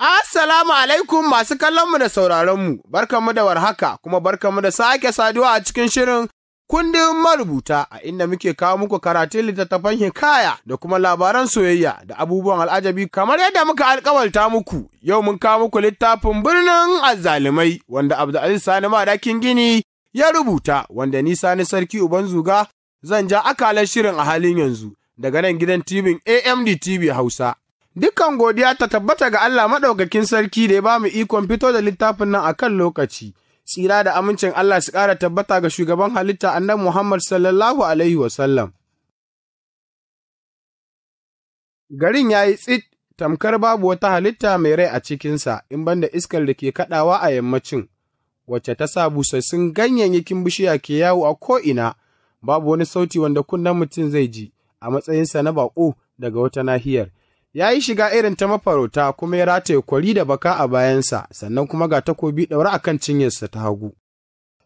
Assalamu alaikum masu kallonmu da sauraronmu, barkanmu da warhaka kuma barkanmu da sake saduwa a cikin shirin kundin marubuta a inda muke kawo muku karatun littattafan hikaya da kuma labaran soyayya da abubuwan al'ajabi kamar yadda muka alkawalta muku yau mun kawo muku littafin birnin azzalumai wanda Abdulaziz Sani Madakin Gini ya rubuta wanda ni Sani Sarki Uban Zuga zan ja akalar shirin a halin yanzu daga nan gidan tibin AMD TV Hausa Dukkan godiya ta tabbata ga Allah maɗaukakin sarki da ya ba mu ikon fito da littafin nan a kan lokaci. Tsira da amincin Allah su ƙara tabbata ga shugaban halitta annabi Muhammad sallallahu Alaihi wasallam. Garin ya yi tsit tamkar babu wata halitta mai rai a cikinsa in banda iskar da ke kaɗawa a yammacin, wacce ta sa busassun ganyayyakin bishiya ke yawo a ko'ina, babu wani sauti wanda kunnen mutum zai ji a matsayinsa na baƙo daga wata nahiyar. ya yi shiga irin ta mafarauta kuma ya rataye kwari da baka a bayansa sannan kuma ga takobi ɗaura a kan cinyarsa ta hagu.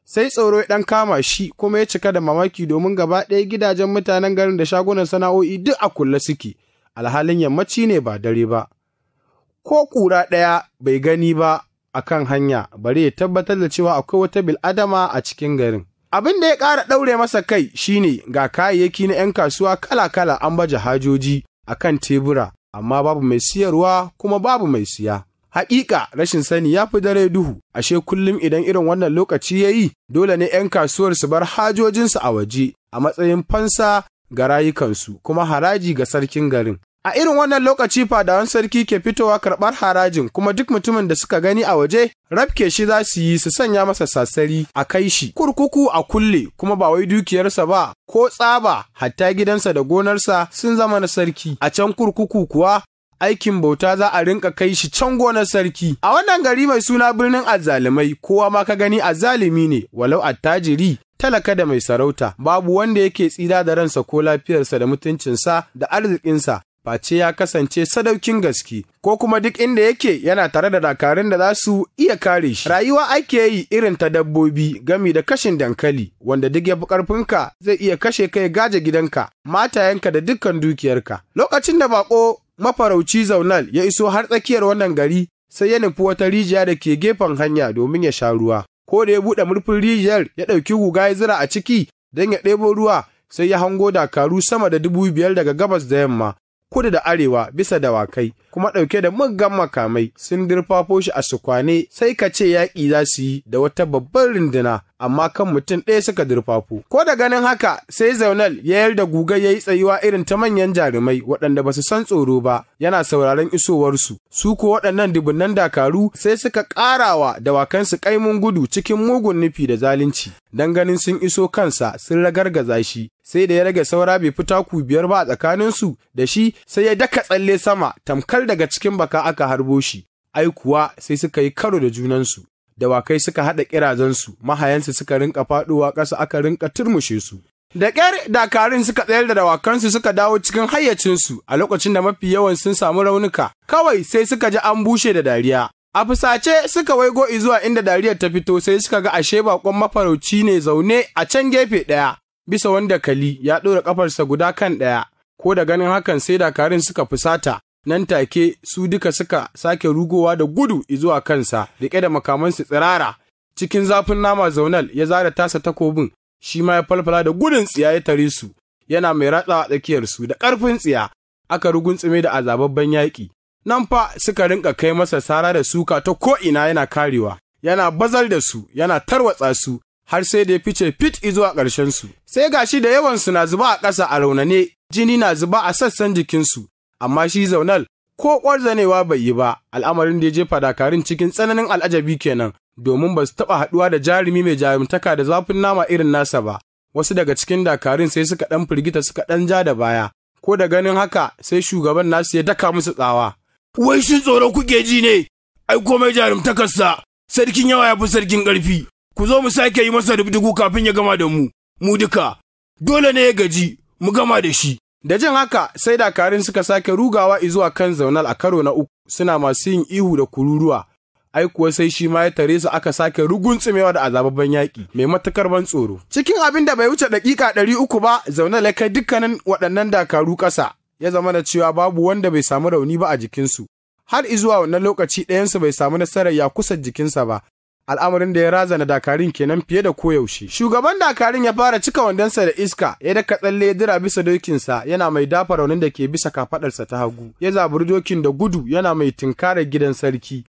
Sai tsoro ya ɗan kama shi kuma ya cika da mamaki domin gaba ɗaya gidajen mutanen garin da shagunan sana'o'i duk a kulle suke, alhalin yammaci ne ba dare ba. Ko ƙura ɗaya bai gani ba a kan hanya bari ya tabbatar da cewa akwai wata bil'adama a cikin garin. Abin da ya ƙara ɗaure masa kai shine ga kayayyaki na ‘yan kasuwa kala-kala an baje hajoji a kan tebura amma babu mai siyarwa kuma babu mai siya. Hakika rashin sani ya fi dare duhu, ashe kullum idan irin wannan lokaci ya yi, dole ne ‘yan kasuwar su bar hajojinsu a waje a matsayin fansa ga rayukansu kuma haraji ga sarkin garin. A irin wannan lokaci fadawan sarki ke fitowa karɓar harajin kuma duk mutumin da suka gani a waje rafke shi za su yi su sanya masa sassari a kai shi kurkuku a kulle kuma ba wai dukiyarsa ba ko tsaba hatta gidansa da gonarsa sun zama na sarki a can kurkuku kuwa aikin bauta za a rinka kai shi can gonar sarki a wannan gari mai suna birnin azzalumai kowa ma ka gani azzalumi ne walau attajiri talaka da mai sarauta babu wanda yake tsira da ransa ko lafiyarsa da mutuncinsa da arzikinsa face ya kasance sadaukin gaske ko kuma duk inda yake yana tare da dakarun da za su iya kare shi rayuwa ake yi irin ta dabbobi gami da kashin dankali wanda duk ya fi ƙarfinka zai iya kashe kai gaje gidanka matayenka da dukkan dukiyarka lokacin da bako mafarauci zaunal ya iso har tsakiyar wannan gari sai ya nufi wata rijiya da ke gefen hanya domin ya sha ruwa ko da ya buɗe murfin rijiyar ya ɗauki guga ya zira a ciki don ya ɗebo ruwa sai ya hango dakaru sama da dubu biyar daga gabas da yamma kudu da arewa bisa dawakai kuma ɗauke da muggan makamai sun dirfafo shi a sukwane sai ka ce yaƙi za su yi da wata babbar runduna amma kan mutum ɗaya suka dirfafo Ko da ganin haka sai Zaunal ya yar da guga ya yi tsayuwa irin ta manyan jarumai waɗanda ba su san tsoro ba yana sauraron isowarsu. Su ko waɗannan dubunnan dakaru sai suka ƙarawa dawakansu kaimun gudu cikin mugun nufi da zalunci. Dan ganin sun iso kansa sun ragargaza shi sai da ya rage saura bai fi taku biyar ba a tsakaninsu da shi sai ya daka tsalle sama tamkar daga cikin baka aka harbo shi ai kuwa sai suka yi karo da junansu dawakai suka haɗa ƙirazansu mahayansu suka rinka faɗowa ƙasa aka rinka turmushe su da ƙyar dakarun suka tsayar da dawakansu suka dawo cikin hayyacinsu a lokacin da mafi yawan sun samu raunuka kawai sai suka ji an bushe da dariya A fusace suka waigo zuwa inda dariyar ta fito sai suka ga ashe bakon mafarauci ne zaune a can gefe ɗaya bisa wanda kali ya ɗora ƙafarsa guda kan ɗaya, ko da ganin hakan sai dakarun suka fusata, nan take su duka suka sake rugowa da gudu izuwa kansa, riƙe da makamansu tsirara. Cikin zafin nama zaunal ya zara tasa takobin, shi ma ya falfala da gudun tsiya ya tare su, yana mai ratsawa su, da ƙarfin tsiya, aka rugunsume da azababban yaƙi. Nan fa suka rinka kai masa sara da suka ta ko'ina yana karewa, yana bazar da su, yana tarwatsa su, har sai da ya fice fit izo a ƙarshen su. Sai gashi da yawansu na zuba a ƙasa a raunane, jini na zuba a sassan jikinsu, amma shi zaunal ko ƙwarzanewa bai yi ba, al'amarin da ya jefa dakarun cikin tsananin al'ajabi kenan, domin ba su taɓa haɗuwa da jarumi mai jarumtaka da zafin nama irin nasa ba. Wasu daga cikin dakarun sai suka ɗan firgita suka ɗan ja da baya, ko da ganin haka sai shugaban nasu ya daka musu tsawa. Wai shin tsoron kuke ji ne, ai komai jarumtakarsa, sarkin yawa ya fi sarkin ƙarfi. ku zo mu sake yi masa dubdugu kafin ya gama da mu mu duka dole ne ya gaji mu gama da shi da jin haka sai dakarun suka sake rugawa izuwa kan zaunal a karo na uku suna masu yin ihu da kururuwa ai kuwa sai shi ma ya tare su aka sake tsumewa da azababban yaƙi mai matukar ban tsoro cikin abin da bai wuce dakika ɗari uku ba zaunal ya kai dukkanin waɗannan dakaru ƙasa ya zama da cewa babu wanda bai samu rauni ba a jikinsu har izuwa wannan lokaci ɗayansu bai samu nasarar ya kusa jikinsa ba al'amarin da ya razana dakarin kenan fiye da koyaushe shugaban dakarin ya fara cika wandonsa da iska ya daka tsalle ya dira bisa dokinsa yana mai dafa raunin da ke bisa kafaɗarsa ta hagu ya zaburi dokin da gudu yana mai tinkarar gidan sarki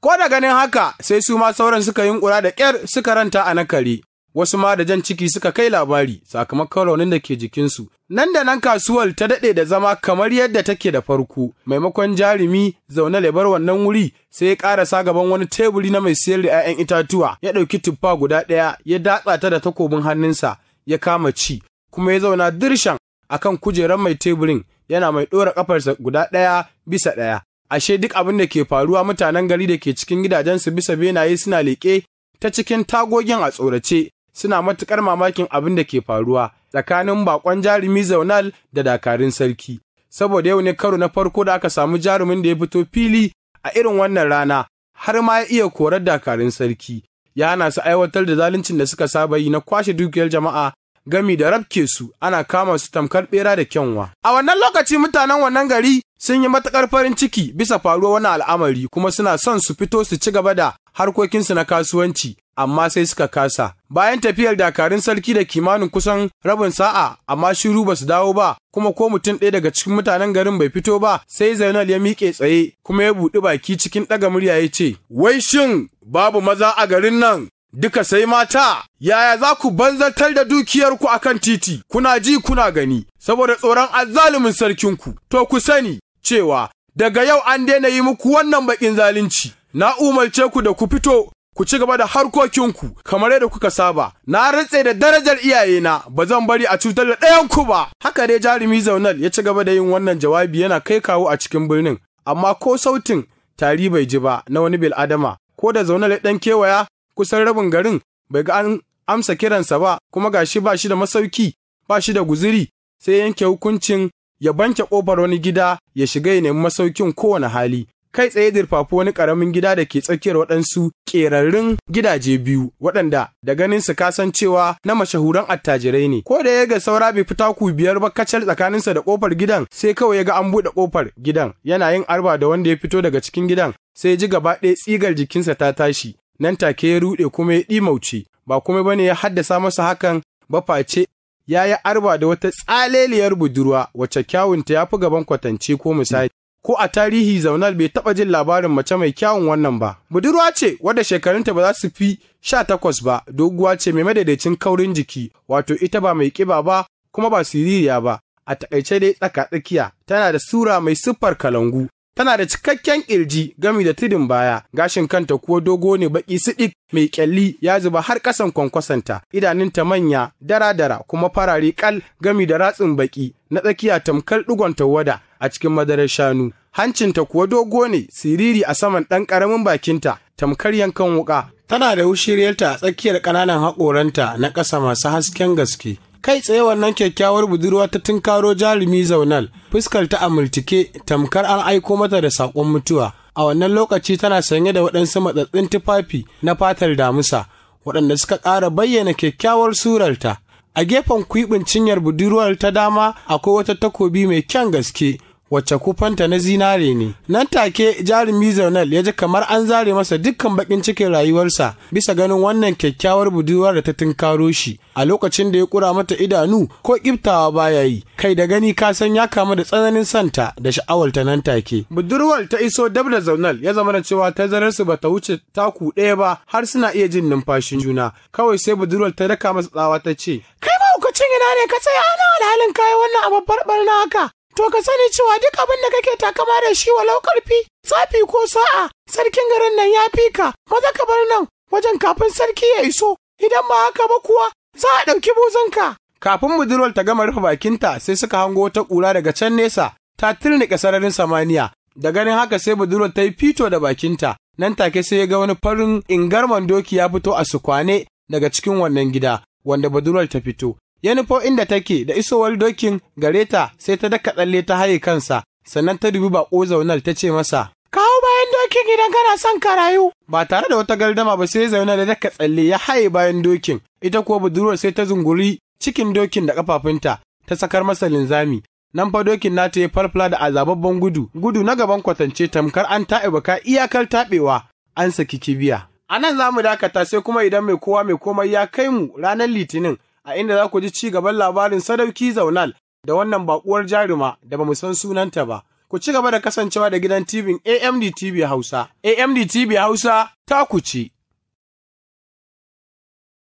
ko da ganin haka sai su ma sauran suka yunkura da ƙyar suka ranta a nakare wasu ma da jan ciki suka kai labari sakamakon raunin da ke jikinsu. Nan da nan kasuwar ta daɗe da zama kamar yadda take da farko, maimakon jarumi zaune lebar wannan wuri sai ya ƙarasa gaban wani teburi na mai siyar da 'ya'yan itatuwa, ya ɗauki tuffa guda ɗaya, ya datsa ta da takobin hannunsa, ya kama ci, kuma ya zauna dirshan akan kujerar mai teburin, yana mai ɗora ƙafarsa guda ɗaya bisa ɗaya. Ashe duk abin da ke faruwa mutanen gari da ke cikin gidajensu bisa benaye suna leƙe ta cikin tagogin a tsorace suna matuƙar mamakin abin da ke faruwa tsakanin bakon jarumi zaunal da dakarun sarki saboda yau ne karo na farko da aka samu jarumin da ya fito fili a irin wannan rana har ma ya iya korar dakarun sarki ya hana su aiwatar da zaluncin da suka saba yi na kwashe dukiyar jama'a gami da rabke su ana kama su tamkar bera da kyanwa. A wannan lokaci mutanen wannan gari sun yi matakar farin ciki bisa faruwa wani al'amari kuma suna son su fito su ci gaba da harkokinsu na kasuwanci amma sai suka kasa. Bayan tafiyar dakarun sarki da kimanin kusan rabin sa'a amma shiru ba su dawo ba kuma ko mutum ɗaya daga cikin mutanen garin bai fito ba sai Zainal ya miƙe tsaye kuma ya buɗi baki cikin ɗaga murya ya ce, Wai shin babu maza a garin nan? duka sai mata yaya za ku banzatar da dukiyarku a kan titi kuna ji kuna gani saboda tsoron azzalumin sarkinku to ku sani cewa daga yau an daina yi muku wannan bakin zalunci na umarce ku da ku fito ku ci gaba da harkokinku kamar yadda kuka saba na rantse da darajar iyayena ba zan bari a cutar da ɗayanku ba haka dai jarumi zaunal ya ci gaba da yin wannan jawabi yana kai kawo a cikin birnin amma ko sautin tari bai ji ba na wani bil'adama ko da zaunal ya ɗan kewaya kusan rabin garin bai ga an amsa kiransa ba kuma gashi ba shi da masauki ba shi da guziri sai yanke hukuncin ya banke ƙofar wani gida ya shiga ya nemi masaukin kowane hali kai tsaye dirfafi wani ƙaramin gida da ke tsakiyar waɗansu ƙerarrun gidaje biyu waɗanda da ganin su kasan cewa na mashahuran attajirai ne ko da ya ga saura bai fita ku biyar ba kacal tsakaninsa da ƙofar gidan sai kawai ya ga an buɗe ƙofar gidan yana yin arba da wanda ya fito daga cikin gidan sai ya ji gaba ɗaya tsigar jikinsa ta tashi nan take ya ruɗe kuma ya ɗimauce, ba kuma ba ne ya haddasa masa hakan ba face ya yi arba da wata tsaleliyar budurwa wacce kyawunta ya fi gaban kwatance ko misali. Ko a tarihi zaunal bai taɓa jin labarin mace mai kyawun wannan ba. Budurwa ce wadda shekarunta ba za su fi sha takwas ba, doguwa ce mai madaidaicin kaurin jiki, wato ita ba mai ƙiba ba kuma ba siririya ba. A taƙaice dai tsaka tsakiya tana da sura mai siffar kalangu tana da cikakken ƙirji gami da tudun baya, gashin kanta kuwa dogo ne baƙi siɗik mai ƙyalli ya zuba har ƙasan kwankwasanta, idanunta manya, dara-dara kuma farare ƙal gami da ratsin baƙi na tsakiya tamkar ɗigon tawada a cikin madarar shanu. Hancinta kuwa dogo ne, siriri a saman ɗan ƙaramin bakinta, tamkar yankan wuƙa. Tana da wushiriyarta a tsakiyar ƙananan haƙoranta na ƙasa masu hasken gaske. kai tsaye wannan kyakkyawar budurwa ta tunkaro jarumi zaunal fuskar ta amultike tamkar an aiko mata da saƙon mutuwa a wannan lokaci tana sanye da waɗansu matsatsin tufafi na fatar damusa waɗanda suka ƙara bayyana kyakkyawar surarta a gefen kwiɓin cinyar budurwar ta dama akwai wata takobi mai kyan gaske wacce kufanta na zinare ne nan take jarumi zaunal ya ji kamar an zare masa dukkan bakin cikin rayuwarsa bisa ganin wannan kyakkyawar budurwar da ta tunkaro shi a lokacin da ya kura mata idanu ko kiftawa baya yi kai da gani ka san ya kama da tsananin santa da sha'awarta nan take budurwar ta iso dabda zaunal ya zama da cewa tazararsu bata wuce taku ɗaya ba har suna iya jin numfashin juna kawai sai budurwar ta daka masa tsawa ta ce kai mahaukacin ina ne ka tsaya ana alhalin kayan wannan abu barbar na haka To ka sani cewa duk abin da kake takama da shi walau karfi, tsafi ko sa'a, sarkin garin nan ya fi ka, maza ka bar nan wajen kafin sarki ya iso, idan ba haka ba kuwa za a ɗauki buzunka. Kafin budurwar ta gama rufe bakinta sai suka hango wata ƙura daga can nesa, ta tirniƙa sararin samaniya, da ganin haka sai budurwar ta yi fito da bakinta, nan take sai ya ga wani farin ingarman doki ya fito a sukwane daga cikin wannan gida, wanda budurwar ta fito. ya nufo inda take da isowar dokin gare ta sai ta daka tsalle ta haye kansa sannan ta dubi bako zaunar ta ce masa kawo bayan dokin idan kana son ka rayu ba tare da wata gardama ba sai zaunar da daka tsalle ya haye bayan dokin ita kuwa budurwar sai ta zunguri cikin dokin da kafafunta ta sakar masa linzami nan fa dokin nata ya farfala da azababban gudu gudu na gaban kwatance tamkar an taɓe baka iyakar taɓewa an saki kibiya a nan za mu dakata sai kuma idan mai kowa mai komai ya kai mu ranar litinin a inda za ku ji ci gaban labarin sadauki zaunal da wannan bakuwar jaruma da ba mu san sunanta ba. Ku ci gaba da kasancewa da gidan TV AMD TV Hausa. AMD TV Hausa ta ku ci.